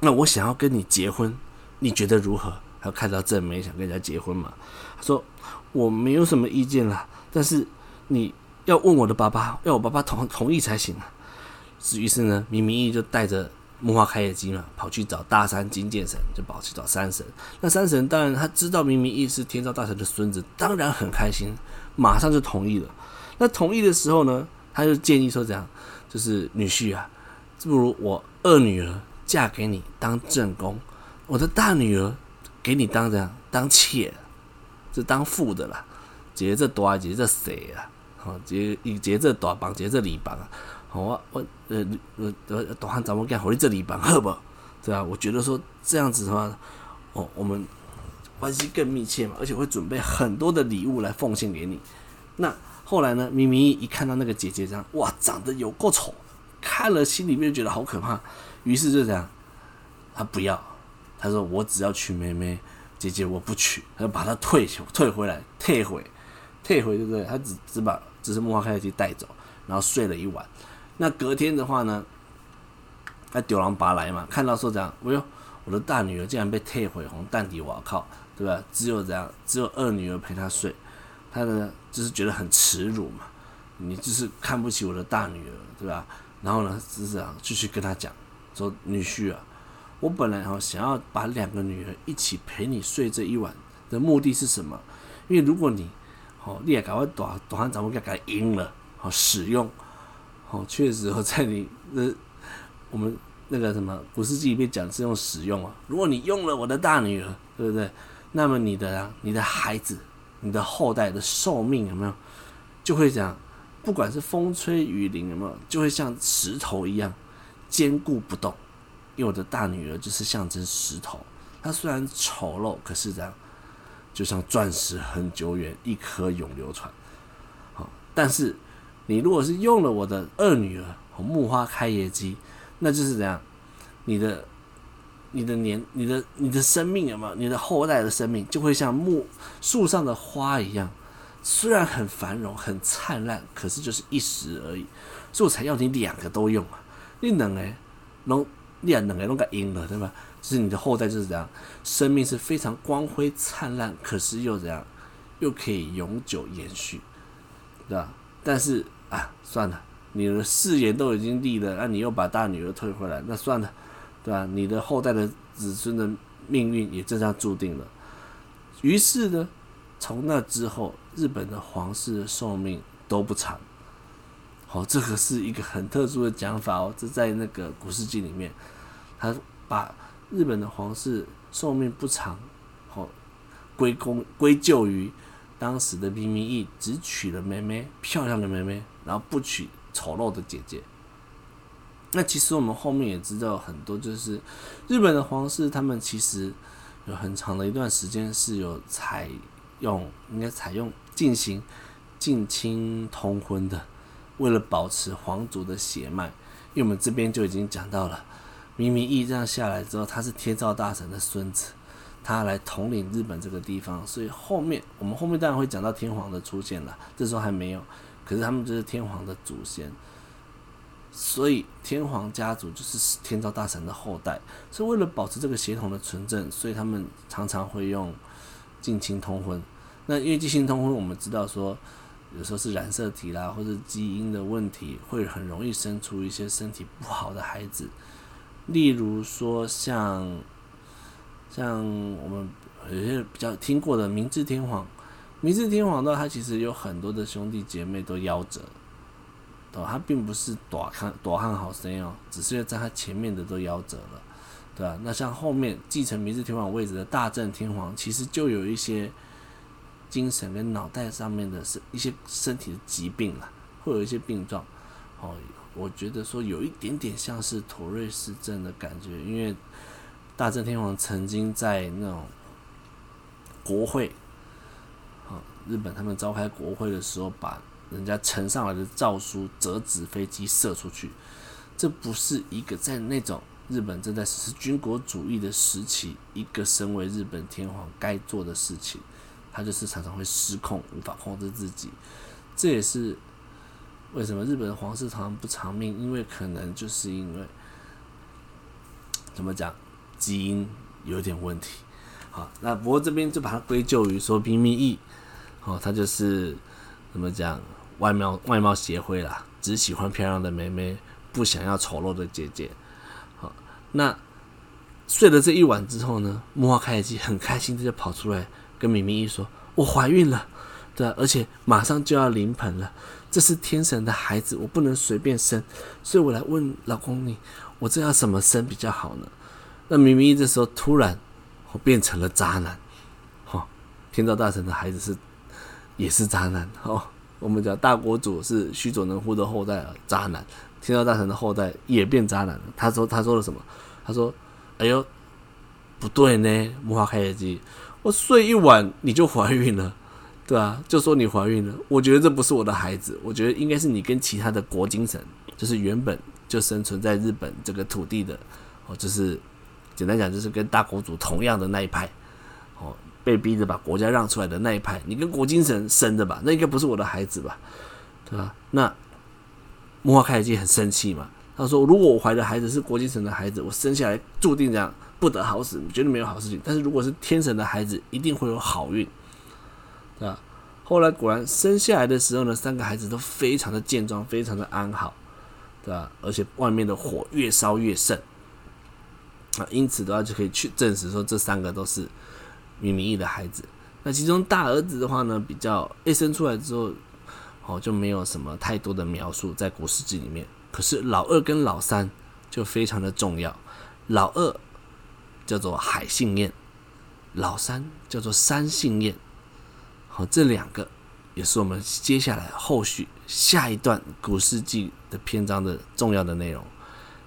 那我想要跟你結婚，你覺得如何？他看到正妹想跟人家結婚嘛，他說我沒有什麼意見啦，但是你。要問我的爸爸，要我爸爸同同意才行啊。是於是呢，彌彌藝就帶着木花開耶姬嘛，跑去找大山津見神，就跑去找山神。那山神當然他知道彌彌藝是天照大神的孫子，當然很開心，馬上就同意了。那同意的時候呢，他就建議說：“怎樣？就是女婿啊，不如我二女兒嫁給你當正宮，我的大女兒給你當這樣當妾，是當副的啦。”姐姐這多啊，姐姐這誰啊？啊，結以結這短班，結這禮綁啊，好啊，我呃呃，短班咱們幹活這裡綁，好吧？對啊，我覺得說這樣子的話，哦，我們關係更密切嘛，而且會準備很多的禮物來奉獻給你。那後來呢，彌彌藝一看到那個姐姐這樣，哇，長得有夠醜，看了心裡面覺得好可怕，於是就這樣，她不要，她說我只要娶妹妹，姐姐我不娶，要把她退，退回來，退回，退回，對不對？她只只把。只是木花開去帶走，然後睡了一晚。那隔天的話呢，那九郎拔來嘛，看到說這樣，哎呦，我的大女兒竟然被退回紅蛋底，我靠，對吧？只有這樣，只有二女兒陪他睡，他呢就是覺得很恥辱嘛。你就是看不起我的大女兒，對吧？然後呢，就是這樣繼續跟他講說，女婿啊，我本來想要把兩個女兒一起陪你睡這一晚的目的是什麼？因為如果你哦，你也趕快躲躲，漢咱們給他贏了。好、哦，使用，好，確實哦，實我在你的、就是、我們那個什麼《古事記》裡面講，是用使用啊。如果你用了我的大女兒，對不對？那麼你的、啊、你的孩子、你的後代的壽命有沒有，就會講，不管是風吹雨淋有沒有，就會像石頭一樣堅固不動。因為我的大女兒就是象徵石頭，她雖然醜陋，可是這樣。就像鑽石恆久遠，一顆永流傳。好，但是你如果是用了我的二女兒木花開耶姬，那就是怎樣？你的、你的年、你的、你的生命有沒有？你的後代的生命就會像木樹上的花一樣，雖然很繁榮、很燦爛，可是就是一時而已。所以我才要你兩個都用啊！你能哎，弄你也兩個攏該用的對吧？是，你的後代就是這樣？生命是非常光輝燦爛，可是又怎樣？又可以永久延續，對吧？但是啊，算了，你的誓言都已經立了，那、啊、你又把大女兒退回來，那算了，對吧？你的後代的子孫的命運也就這樣注定了。於是呢，從那之後，日本的皇室的壽命都不長。哦，這個是一個很特殊的講法哦，這在那個古事記裡面，他把。日本的皇室壽命不長，好歸功歸咎於當時的彌彌藝只娶了妹妹，漂亮的妹妹，然後不娶醜陋的姐姐。那其實我們後面也知道很多，就是日本的皇室他們其實有很長的一段時間是有採用，應該採用進行近親通婚的，為了保持皇族的血脈。因為我們這邊就已經講到了。彌彌藝這樣下來之後，他是天照大神的孫子，他來統領日本這個地方，所以後面我們後面當然會講到天皇的出現了，這時候還沒有，可是他們就是天皇的祖先，所以天皇家族就是天照大神的後代，所以為了保持這個血統的純正，所以他們常常會用近親通婚。那因為近親通婚，我們知道說有時候是染色體啦或者基因的問題，會很容易生出一些身體不好的孩子。例如說像，像像我們有些比較聽過的明治天皇，明治天皇呢，他其實有很多的兄弟姐妹都夭折，對吧？他並不是短看短漢好生哦，只是在他前面的都夭折了，對吧？那像後面繼承明治天皇位置的大正天皇，其實就有一些精神跟腦袋上面的身一些身體的疾病了，會有一些病狀，哦。我覺得說有一點點像是妥瑞氏症的感覺，因為大正天皇曾經在那種國會，啊，日本他們召開國會的時候，把人家呈上來的詔書折紙飛機射出去，這不是一個在那種日本正在實施軍國主義的時期，一個身為日本天皇該做的事情。他就是常常會失控，無法控制自己，這也是為什麼日本的皇室都不長命？因為可能就是因為怎麼講基因有點問題。好，那不過這邊就把它歸咎於說彌彌藝，哦，他就是怎麼講外貌外貌協會啦，只喜歡漂亮的妹妹，不想要醜陋的姐姐。好，那睡了這一晚之後呢，木花開耶姬很開心的就跑出來跟彌彌藝說：“我懷孕了，對啊，而且馬上就要臨盆了。”這是天神的孩子，我不能隨便生，所以我來問老公你，我這要怎麼生比較好呢？那彌彌藝這時候突然，我變成了渣男，哈、哦，天照大神的孩子是也是渣男，哦。我們講大國主是須佐能乎的後代，渣男，天照大神的後代也變渣男了。他說他說了什麼？他說，哎呦，不對呢，木花開耶姬，我睡一晚你就懷孕了。對啊，就說你懷孕了，我覺得這不是我的孩子，我覺得應該是你跟其他的國津神，就是原本就生存在日本這個土地的，哦，就是簡單講，就是跟大國主同樣的那一派，哦，被逼着把國家讓出來的那一派，你跟國津神生的吧，那應該不是我的孩子吧，對吧？啊？那木花開已經很生氣嘛，他說如果我懷的孩子是國津神的孩子，我生下來注定這樣不得好死，絕對沒有好事情。但是如果是天神的孩子，一定會有好運。啊，後來果然生下來的時候呢，三個孩子都非常的健壯，非常的安好，對吧？而且外面的火越燒越盛啊，因此的話就可以去證實說這三個都是彌彌藝的孩子。那其中大兒子的話呢，比較一生出來之後，哦，就沒有什麼太多的描述在《古事記》裡面。可是老二跟老三就非常的重要。老二叫做海幸彥，老三叫做山幸彥。好，這兩個也是我們接下來後續下一段古事記的篇章的重要的內容。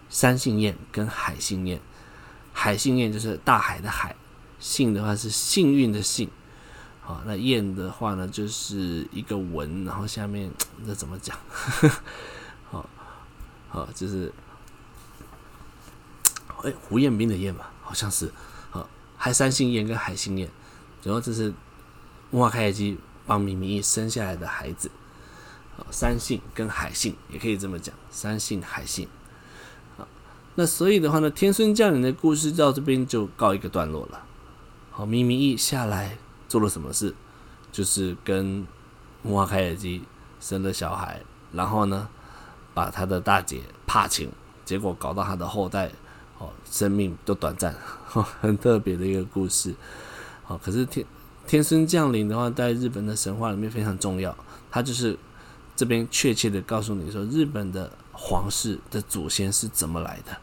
山幸彥跟海幸彥，海幸彥就是大海的海，幸的話是幸運的幸。好，那彥的話呢，就是一個文，然後下面那怎麼講？ 好，好，就是哎、欸、胡彥斌的彥吧，好像是。好，還山幸彥跟海幸彥，主要就是。木花開耶姬幫彌彌藝生下來的孩子，哦，山幸跟海幸也可以這麼講，山幸海幸，好，那所以的話呢，天孫降臨的故事到這邊就告一個段落了。好，彌彌藝下來做了什麼事，就是跟木花開耶姬生了小孩，然後呢，把他的大姐怕情，結果搞到他的後代哦，生命都短暫，很特別的一個故事。哦，可是天。天孫降臨的話，在日本的神話裡面非常重要。他就是這邊確切的告訴你說，日本的皇室的祖先是怎麼來的。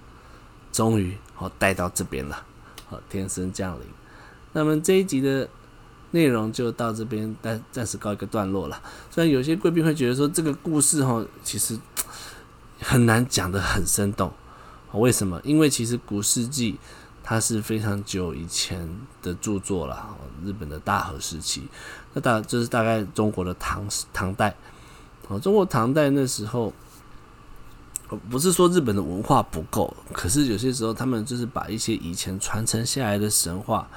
終於，哦，帶到這邊了。好，天孫降臨。那麼這一集的內容就到這邊但暫時，告一個段落了。雖然有些貴賓會覺得說，這個故事哈，其實很難講得很生動。為什麼？因為其實古事記。它是非常久以前的著作了，日本的大和時期，那大，就是大概中國的唐唐代，哦，中國唐代那時候，不是說日本的文化不夠，可是有些時候他們就是把一些以前傳承下來的神話，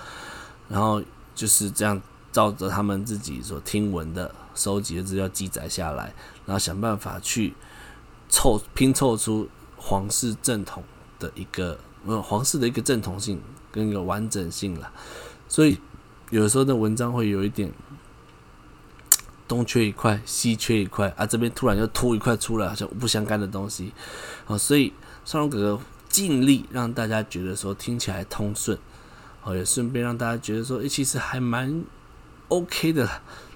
然後就是這樣照着他們自己所聽聞的收集的資料記載下來，然後想辦法去湊，拼湊出皇室正統的一個。嗯，皇室的一個正統性跟一個完整性了，所以有時候的文章會有一點東缺一塊，西缺一塊啊，這邊突然又凸一塊出來，好像不相干的東西啊、哦，所以少龍哥哥盡力讓大家覺得說聽起來通順哦，也順便讓大家覺得說，誒、欸，其實還蠻 OK 的，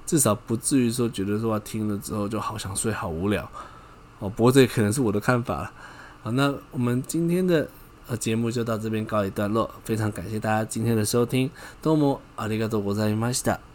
至少不至於說覺得說聽了之後就好想睡，好無聊哦。不過這可能是我的看法了啊。那我們今天的。呃，節目就到這邊告一段落，非常感謝大家今天的收聽，どうもありがとうございました。